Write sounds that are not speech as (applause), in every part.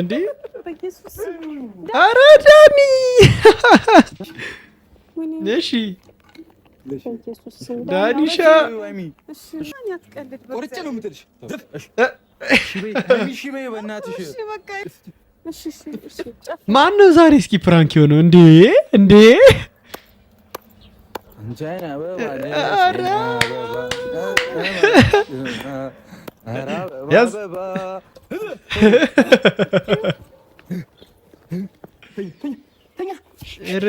እንዴ! አረ ዳኒ እሺ፣ ዳኒሻ ማን ነው ዛሬ? እስኪ ፕራንክ የሆነው እንዴ? እንዴ! ኧረ ኧረ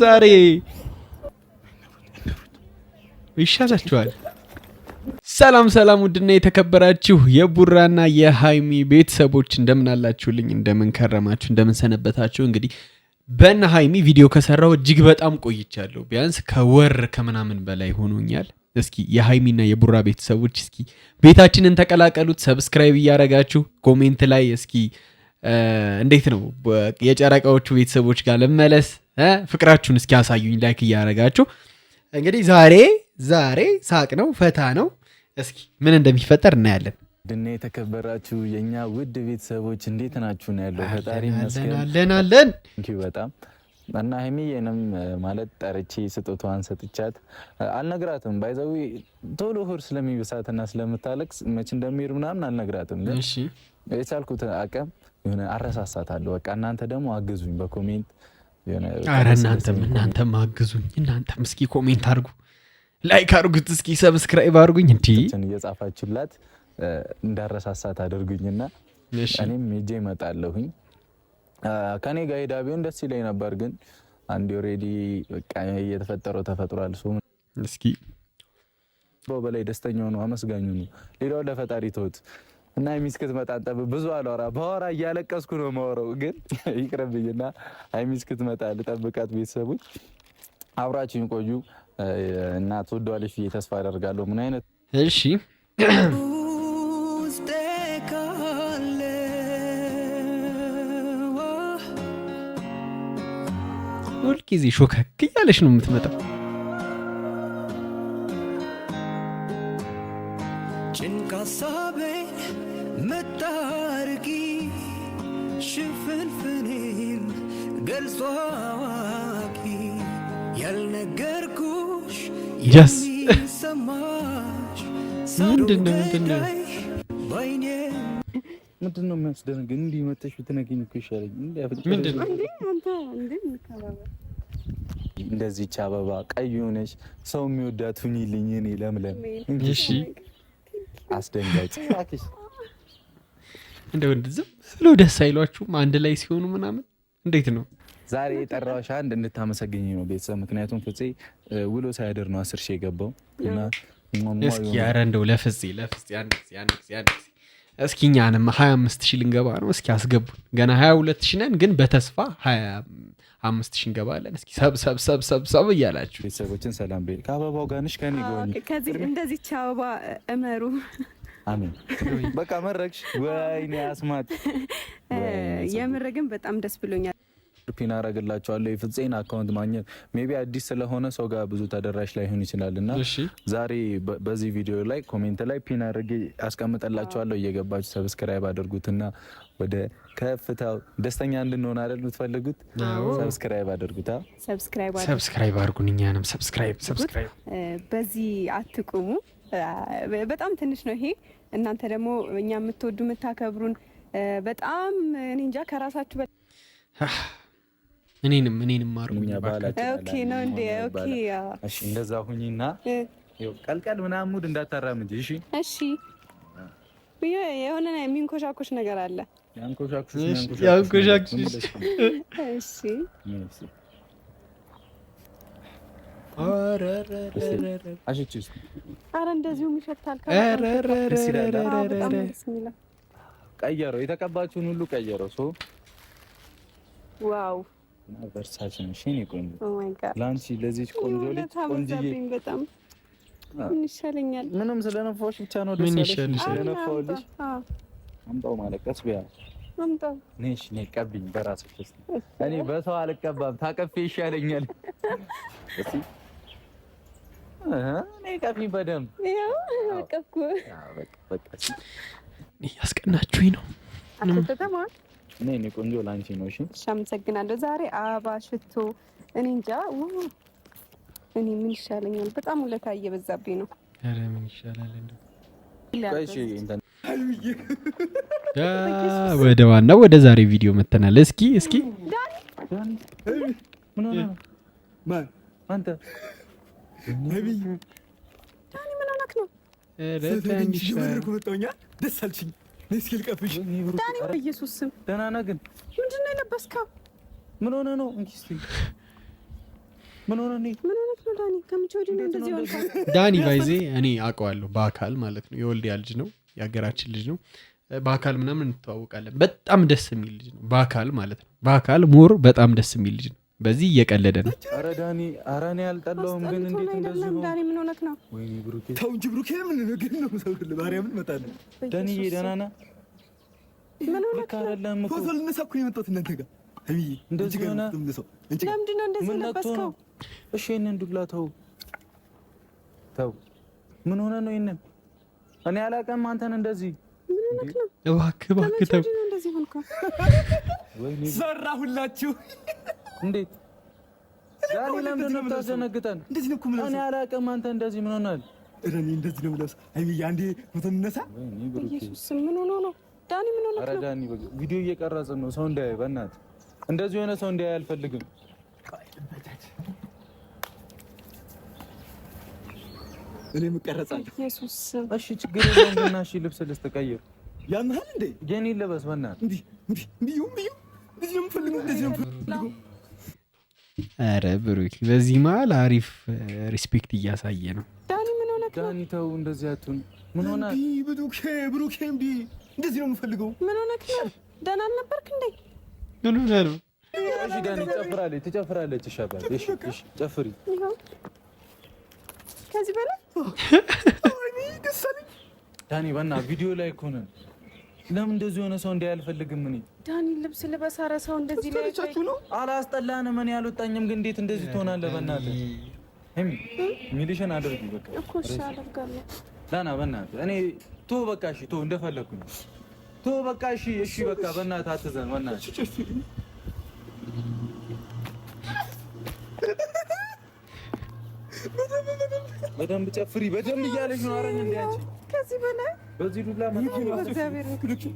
ዛሬ ይሻላችኋል። ሰላም ሰላም፣ ውድና የተከበራችሁ የቡራና የሀይሚ ቤተሰቦች እንደምን አላችሁልኝ? እንደምን ከረማችሁ? እንደምን ሰነበታችሁ? እንግዲህ በእነ ሀይሚ ቪዲዮ ከሰራው እጅግ በጣም ቆይቻለሁ። ቢያንስ ከወር ከምናምን በላይ ሆኖኛል። እስኪ የሀይሚና የቡራ ቤተሰቦች እስኪ ቤታችንን ተቀላቀሉት፣ ሰብስክራይብ እያደረጋችሁ ኮሜንት ላይ እስኪ እንዴት ነው የጨረቃዎቹ ቤተሰቦች ጋር ልመለስ፣ ፍቅራችሁን እስኪ ያሳዩኝ ላይክ እያደረጋችሁ። እንግዲህ ዛሬ ዛሬ ሳቅ ነው ፈታ ነው። እስኪ ምን እንደሚፈጠር እናያለን። ድና የተከበራችሁ የእኛ ውድ ቤተሰቦች እንዴት ናችሁ? ነው ያለው። ፈጣሪ ይመስገን አለን። በጣም እና ሀይሚዬንም ማለት ጠርቼ ስጦታዋን ሰጥቻት አልነግራትም። ባይዘዊ ቶሎ ሆድ ስለሚብሳትና ስለምታለቅስ መች እንደሚሄድ ምናምን አልነግራትም፣ ግን የቻልኩት አቅም የሆነ አረሳሳታለሁ። በቃ እናንተ ደግሞ አግዙኝ በኮሜንት አረ እናንተም እናንተም አግዙኝ። እናንተም እስኪ ኮሜንት አርጉ፣ ላይክ አርጉት፣ እስኪ ሰብስክራይብ አርጉኝ። እንዲ እየጻፋችሁላት እንዳረሳሳት አድርጉኝና እኔም ሄጄ እመጣለሁኝ። ከኔ ጋር ሄዳ ቢሆን ደስ ይለኝ ነበር፣ ግን አንድ ኦልሬዲ በቃ እየተፈጠረው ተፈጥሯል። ሱ እስኪ በላይ ደስተኛ ነው፣ አመስጋኙ ነው። ሌላው ለፈጣሪ ተውት እና የሚስክት መጣጠብ ብዙ አላወራ በወራ እያለቀስኩ ነው የማወራው፣ ግን (laughs) ይቅርብኝና አይሚስክት መጣ ልጠብቃት። ቤተሰቦች አብራችሁኝ ቆዩ እና ትወደዋለሽ ተስፋ አደርጋለሁ። ምን አይነት እሺ ሁል ጊዜ ሾከክ እያለች ነው የምትመጣው። ጭንቅ ሀሳቤ መታርቂ ሽፍንፍኔን ገልጾ አዋቂ ያልነገርኩሽ ያስ ምንድን ምንድን ነው ምንድን እንዲህ መተሽ ብትነግኝ እኮ ይሻለኝ። ምንድን ነው እንደዚች አበባ ቀይ ሆነች ሰው የሚወዳት ሁኚልኝ እኔ ለምለም። እሺ አስደንጋጭ እንደው ዝም ብሎ ደስ አይሏችሁም? አንድ ላይ ሲሆኑ ምናምን እንዴት ነው? ዛሬ የጠራሁሽ አንድ እንድታመሰግኝ ነው ቤተሰብ። ምክንያቱም ፍፄ ውሎ ሳያደር ነው አስር ሺህ የገባው እና እስኪ ኧረ እንደው ለፍፄ ለፍፄ አንድ ጊዜ አንድ ጊዜ አንድ ጊዜ እስኪ እኛንም 25 ሺ ልንገባ ነው እስኪ አስገቡን። ገና 22 ሺ ነን ግን በተስፋ ሀያ አምስት ሺህ እንገባለን። እስኪ ሰብሰብሰብሰብሰብ እያላችሁ ቤተሰቦችን ሰላም ቤል ከአበባው ጋንሽ ከኔ ጎኝ ከዚህ አበባ እመሩ አሜን። በቃ መረግሽ ወይኔ አስማት (laughs) የምር ግን በጣም ደስ ብሎኛል። ፒን አረግላቸዋለሁ የፍፄን አካውንት ማግኘት ሜቢ አዲስ ስለሆነ ሰው ጋር ብዙ ተደራሽ ላይሆን ይችላል እና ዛሬ በዚህ ቪዲዮ ላይ ኮሜንት ላይ ፒን አድርጌ አስቀምጠላቸዋለሁ እየገባችሁ ሰብስክራይብ አድርጉትና ወደ ከፍታው ደስተኛ እንድንሆን አይደል የምትፈልጉት? ሰብስክራይብ አድርጉታ። ሰብስክራይብ አድርጉን። እኛንም ሰብስክራይብ ሰብስክራይብ። በዚህ አትቁሙ። በጣም ትንሽ ነው ይሄ። እናንተ ደግሞ እኛ የምትወዱ የምታከብሩን በጣም እኔ እንጃ ከራሳችሁ እኔንም እኔንም አርጉኝ እንደዛ ሁኝና ቀልቀል ምናምን ሙድ እንዳታራምጂ። እሺ እሺ። የሆነ የሚንኮሻኮሽ ነገር አለ። አረ እንደዚሁ ይሸታል። ቀየረው፣ የተቀባችሁን ሁሉ ቀየረው። ዋው ቨርሳች ነሽ የእኔ ቆንጆ። ለአንቺ ለዚች ቆንጆ ልጅ ቆንጅዬ በጣም ምን ይሻለኛል? ምንም ስለነፋሁሽ ብቻ ነው ደስ ያለሽ። ስለነፋሁልሽ አምጣው ማለቀስ ቢያ አምጣው ነሽ ነይ ቀብኝ። በራስሽ እስኪ እኔ በሰው አልቀባም፣ ታቀፌ ይሻለኛል። እስኪ እኔ ቀፊኝ በደምብ ያው በቃ በቃ ያስቀናችሁኝ ነው። እኔ እኔ ቆንጆ ላንቺ ነው። እሺ እሺ፣ አመሰግናለሁ። ዛሬ አበባ ሽቶ፣ እኔ እንጃ። እኔ ምን ይሻለኛል? በጣም ውለታ እየበዛብኝ ነው። ኧረ ምን ይሻላል? ወደ ዋናው ወደ ዛሬ ቪዲዮ መተናል። እስኪ እስኪ ነው? ደስ አልችኝ ልቀብሽ ዳኒ፣ በኢየሱስ ስም ደህና ነህ? ግን ምንድን ነው የለበስከው? ምን ሆነህ ነው? ምን ሆነህ ነው? ምን ሆነህ ነው ዳኒ? ከምቼ ወዲህ ነው እንደዚህ ዳኒ ባይዜ እኔ አውቀዋለሁ በአካል ማለት ነው። የወልዲያ ልጅ ነው፣ የሀገራችን ልጅ ነው። በአካል ምናምን እንተዋወቃለን። በጣም ደስ የሚል ልጅ ነው፣ በአካል ማለት ነው። በአካል ሞር በጣም ደስ የሚል ልጅ ነው። በዚህ እየቀለደ ነው። ኧረ ዳኒ፣ ኧረ እኔ አልጠላሁም፣ ግን እንዴት እንደዚህ ነው? ዳኒ ምን ነው? ወይኔ ብሩኬ፣ ተው እንጂ ብሩኬ። ምን ነው? ሰው ማርያምን ዳኒዬ፣ ደህና ነህ? ምን ነው? እኮ ፎቶ ነው የመጣሁት እናንተ ጋር። እንደዚህ ሆነ። ለምንድን ነው እንደዚህ ለበስከው? እሺ፣ ዱላ ተው፣ ተው። ምን ነው? እኔ አላውቅም። አንተን እንደዚህ እባክህ፣ እባክህ ተው። እንዴት ዳኒ፣ ለምንድን ነው የምታዘነግጠን? እኔ አላውቅም። አንተ እንደዚህ ምን ሆናል? እኔ እንደዚህ ነው ብለህ አንዴ ምትነሳ ኢየሱስ፣ ምን ሆኖ ነው ዳኒ? ምን ሆኖ ነው? ኧረ ዳኒ፣ ቪዲዮ እየቀረጽን ነው፣ ሰው እንዳያይ። በእናትህ እንደዚህ የሆነ ሰው እንዳያይ አልፈልግም። እኔ እቀረጻለሁ። ኢየሱስ፣ እሺ፣ ችግር የለውም። እና እሺ፣ ልብስ ልትቀይር ያምሃል እንዴ? የኔን ልበስ በእናትህ። እንዲህ እንዲህ እንዲህ ነው የምፈልገው፣ እንደዚህ ነው አረ ብሩክ በዚህ መሀል አሪፍ ሪስፔክት እያሳየ ነው። ዳኒ ምን ሆነህ ዳኒ ተው እንደዚህ አትሁን። ምን ሆነህ ብሩኬ? ብሩኬ እምቢ እንደዚህ ነው የምፈልገው። ምን ሆነህ ደህና አልነበርክ እንዴ? ምን ሆነህ ነው? እሺ ዳኒ ትጨፍራለች፣ ትጨፍራለች። እሺ አባት፣ እሺ፣ እሺ ጨፍሪ። ከዚህ በላይ ዳኒ በና ቪዲዮ ላይ እኮ ነን። ለምን እንደዚህ የሆነ ሰው እንዲህ አልፈልግም እኔ ዳኒ ልብስ ልበስ። ኧረ ሰው እንደዚህ ላይ ነው። አላስጠላንም። እኔ አልወጣኝም፣ ግን እንዴት እንደዚህ ትሆናለህ? በእናትህ ሚሊሽን አድርጊ በቃ እኮ እሺ፣ አደርጋለሁ። ዳና በእናትህ እኔ ቶ በቃ እሺ፣ ቶ እንደፈለኩኝ ቶ በቃ እሺ፣ እሺ በቃ በእናትህ አትዘን፣ በእናትህ በደንብ ጨፍሪ፣ በደንብ እያለሽ ነው። አረኝ እንዴ አንቺ ከዚህ በላይ በዚህ ዱላ ማለት ነው።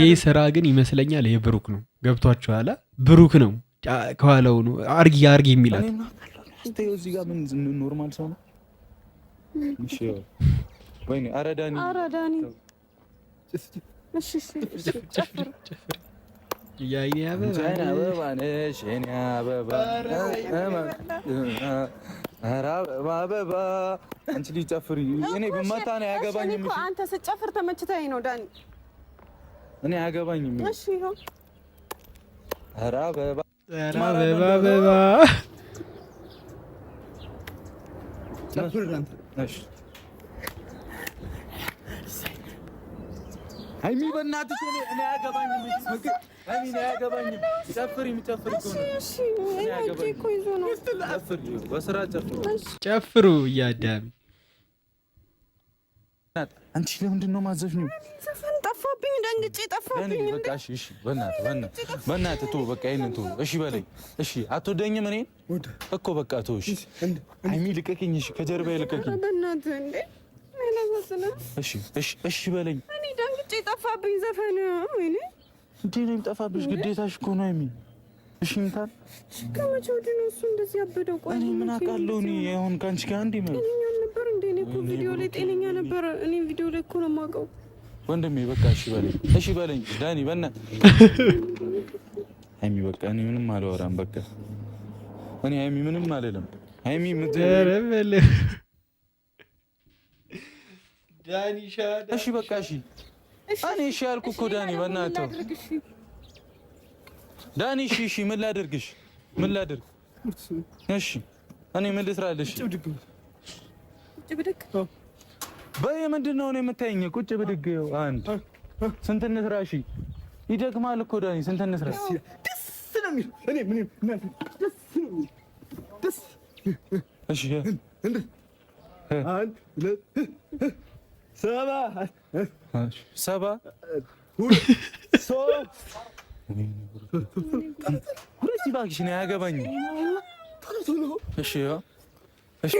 ይህ ስራ ግን ይመስለኛል የብሩክ ነው። ገብቷቸው ብሩክ ነው ከኋላው ነው አርጊ አርጊ የሚላት ኖርማል ሰው ነው። የአይኔ አበባ ነሽ የኔ አበባ አበባ አንቺ ልጅ ጨፍሪ። እኔ ብመታ ነው አያገባኝም። እሺ አንተ ስጨፍር ተመችተኸኝ ነው ዳኒ። እኔ አያገባኝም። እሺ ይሁን። አበባ አበባ አበባ ጨፍር። እሺ ሀይሚ በእናትሽ እኔ አያገባኝም። ሀይሚ አያገባኝም። ጨፍሪ፣ የሚጨፍር በስራ ጨፍሩ እያዳሚ አንቺ ለምንድን ነው ማዘፍ ጠፋብኝ፣ ደንግጬ ጠፋብኝ። በቃ እሺ፣ እሺ፣ በእናትህ በእናትህ ተው፣ በቃ ይሄንን ተው። እሺ በለኝ፣ እሺ። አትወደኝም እኔ እኮ በቃ ተው። እሺ ሀይሚ ልቀቅኝ፣ እሺ፣ ከጀርባዬ ልቀቅኝ። እሺ፣ እሺ፣ እሺ በለኝ መርጬ የጠፋብኝ ዘፈን ወይኔ፣ እንዴ ነው ጠፋብሽ? ግዴታሽ እኮ ነው የሚ እሽኝታል ከመቼ ወዲህ ነው እሱ እንደዚህ ያበደው? ቆይ እኔ ምን አውቃለሁ? እኔ አሁን ከአንቺ ጋር አንዴ ነው ጤነኛ ነበር እንዴ? እኔ እኮ ቪዲዮ ላይ ጤነኛ ነበር። እኔ ቪዲዮ ላይ እኮ ነው የማውቀው ወንድሜ። በቃ እሺ በለኝ፣ እሺ በለኝ ዳኒ፣ በእናትህ ሀይሚ፣ በቃ እኔ ምንም አላወራም። በቃ እኔ ሀይሚ ምንም አልልም። ሀይሚ ምትረበለ ዳኒ ሻዳ እሺ፣ በቃ እሺ እኔ እሺ ያልኩ እኮ ዳኒ፣ በእናትህ ዳኒ፣ እሺ፣ እሺ፣ ምን ላድርግሽ? ምን ላድርግ? እሺ፣ እኔ ምን ልስራልሽ? ቁጭ ብድግ በይ። ምንድን ነው እኔ የምታይኝ? ቁጭ ብድግ። አንድ ስንት እንስራ? እሺ፣ ይደክማል እኮ ዳኒ፣ ስንት እንስራ? ደስ ነው የሚል እኔ ምን ደስ ነው ደስ። እሺ፣ አንድ ሁለት ሰባ ሁለት እባክሽ ነው ያገባኝ። እሺ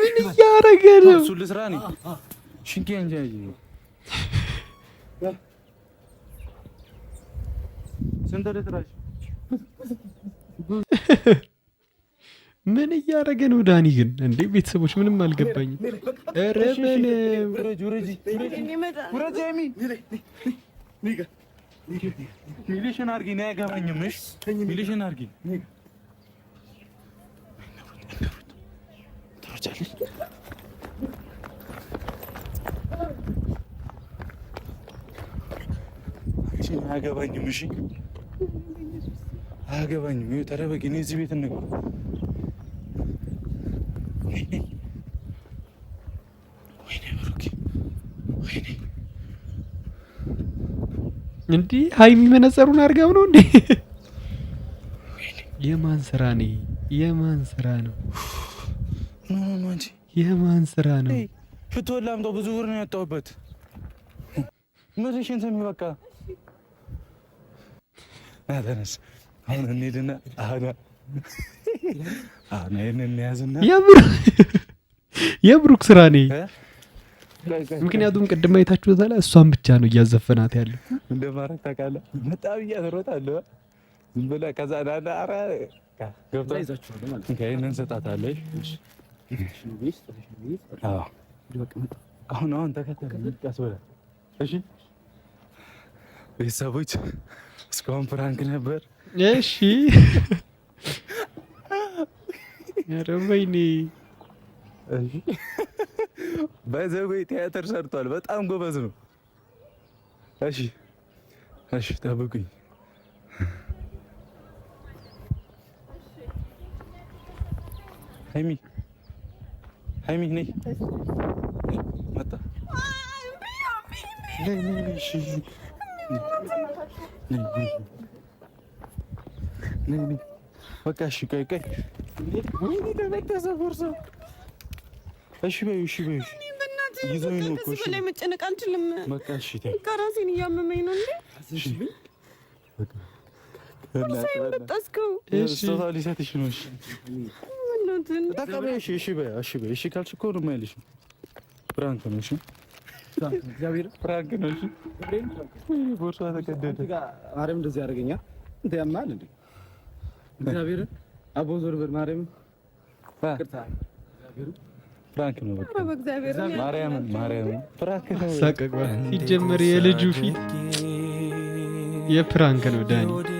ምን እያደረገ ነው? እሱ ልስራ ነው ሽንቄ እንጂ ስንት ልስራሽ ምን እያደረገ ነው ዳኒ? ግን እንዴ ቤተሰቦች ምንም አልገባኝም። ኧረ እሺ አያገባኝም። እዚህ ቤት እንግባ እንዲህ ሀይሚ መነጸሩን አድርጋው ነው እንዴ? የማን ስራ ነው? የማን ስራ ነው? የማን ስራ ነው? ፍቶ ላምጠው ብዙ ብር ነው ያጣሁበት። ምርሽን ስሚ በቃ ናተነስ አሁን እንሄድና አሁን አሁን ይህን እንያዝና የብሩክ ስራ ነ ምክንያቱም ቅድም አይታችሁታል። እሷን ብቻ ነው እያዘፈናት ያለው እንደማረግ ታውቃለህ። በጣም እያስሮጣለሁ ዝም ብለህ ከዛ ዳና አራ ገብተህ ይዛችኋል ማለት ሰጣታለሽ። አሁን አሁን ተከተል ቀስ ብለህ እሺ። ቤተሰቦች እስካሁን ፕራንክ ነበር። እሺ ኧረ ወይኔ ቲያትር ሰርቷል። በጣም ጎበዝ ነው። እሺ Şey Aşağıda bakın. Hemi. Hemi ne? Mata. Ne ne ne şey, şey. ne Ne ne. Ne ne. Bak aşağı kay kay. Ne ne ne ne ne ne ne እሺ በይው እሺ በይው ይዞኝ ነው እኮ እሺ በላይ መጨነቅ አልችልም በቃ እሺ ከራሴን እያመመኝ ነው እንዴ Zışbi? Şey. Let's go. Jeszcze dali za tysiąc. No ten. Taka myśl, jeśli by, a siebie, jeśli kalczykoru mieliśmy. Pranka myśli. Prank నుంచి ማርያም እንደዚህ ያደርገኛ እንደ ያማል እንዴ እግዚአብሔር አቦ ዞር በር ማርያም ፍራንክ ነው ማርያም ማርያም ፍራንክ ነው ሲጀመር የልጁ ፊት የፕራንክ ነው ዳኒ